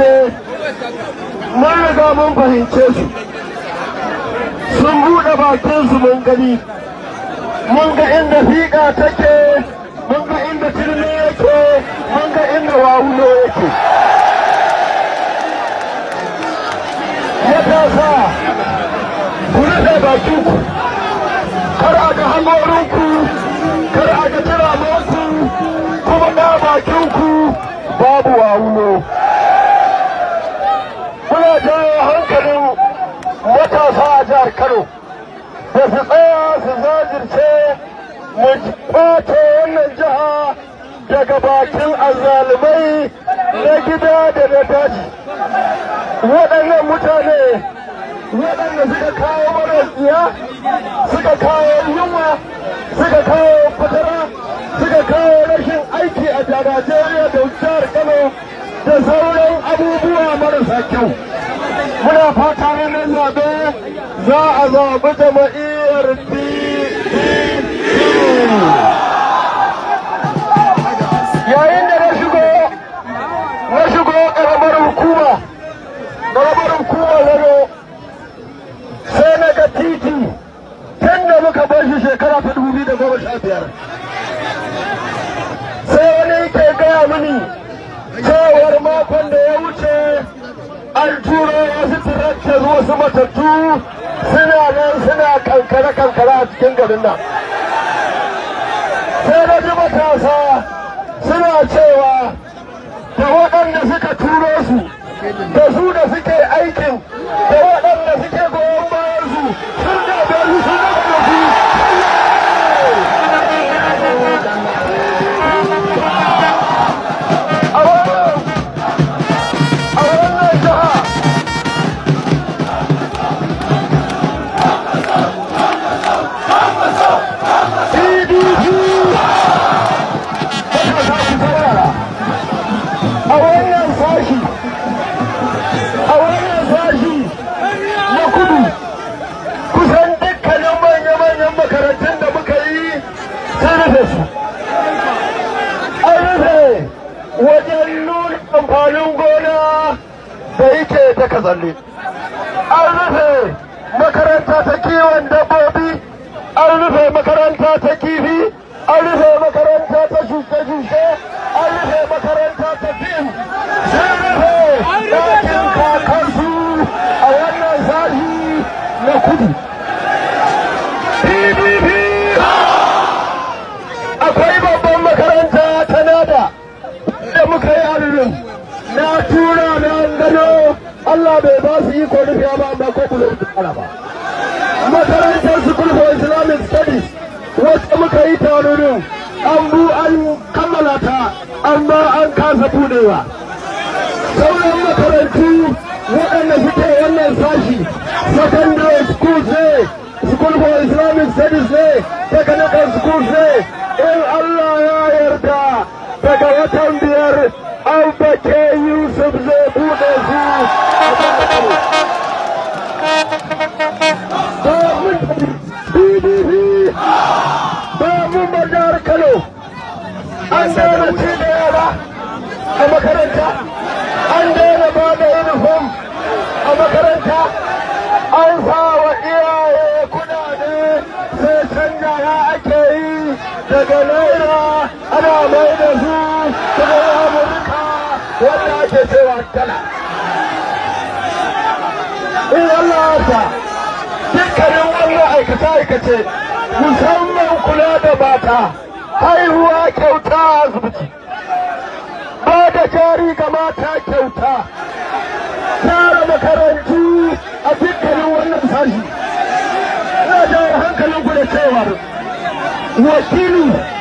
ne mun riga mun fahimce su sun buɗe bakinsu mun gani mun ga inda fiƙa take mun ga inda turmi yake mun ga inda wawulo yake matasa ku rufe bakinku kar a ga hangorinku kar a ga turamanku kuma a jihar Kano da su tsaya su zajirce wannan jiha daga bakin azalumai na gida da na daji waɗannan mutane waɗanda suka kawo mana tsiya suka kawo yunwa suka kawo fatara suka kawo rashin aiki a Najeriya da jihar Kano da sauran abubuwa marasa kyau muna za a zaɓi jama'iyyar yayin da na shigo na shigo ƙaramar hukuma ƙaramar hukuma lano sai na ga titi tun da muka bar shi shekara ta dubu biyu da goma sha biyar sai wani yake gaya mini cewar makon da ya wuce an turo wasu tirakta wasu matattu suna nan suna kankare kankare a cikin garin nan sai na ji matasa suna cewa da waɗanda suka turo su da su da suke aikin da waɗanda suke goyon bayan su wajen nuna amfanin gona da yake ta kazalle an rufe makaranta ta kiwon dabbobi an rufe makaranta ta kifi an rufe makaranta ta shuke-shuke an rufe makaranta ta fim sun rufe ɗakin kakansu a wannan zafi na kudu Allah bai ba su iko rufiya ba amma ko bulo tsara ba makarantar school for islamic studies wacce muka yi tarurin an bu an kammala ta amma an kasa budewa sauran makarantu waɗanda suke wannan sashi secondary school ne school for islamic studies ne technical school ne in Allah ya yarda daga watan biyar an bake makaranta an daina ba da uniform a makaranta an sa wa iyaye kudade sai canja ya ake yi daga naira ana mai da su daga amurka wanda ake cewa dala in Allah ta dukkanin wannan aikace-aikace musamman kula da bata haihuwa kyauta da jari ga mata kyauta tara makarantu a dukkanin wannan sashi ina jawo hankalin ku da cewa wakili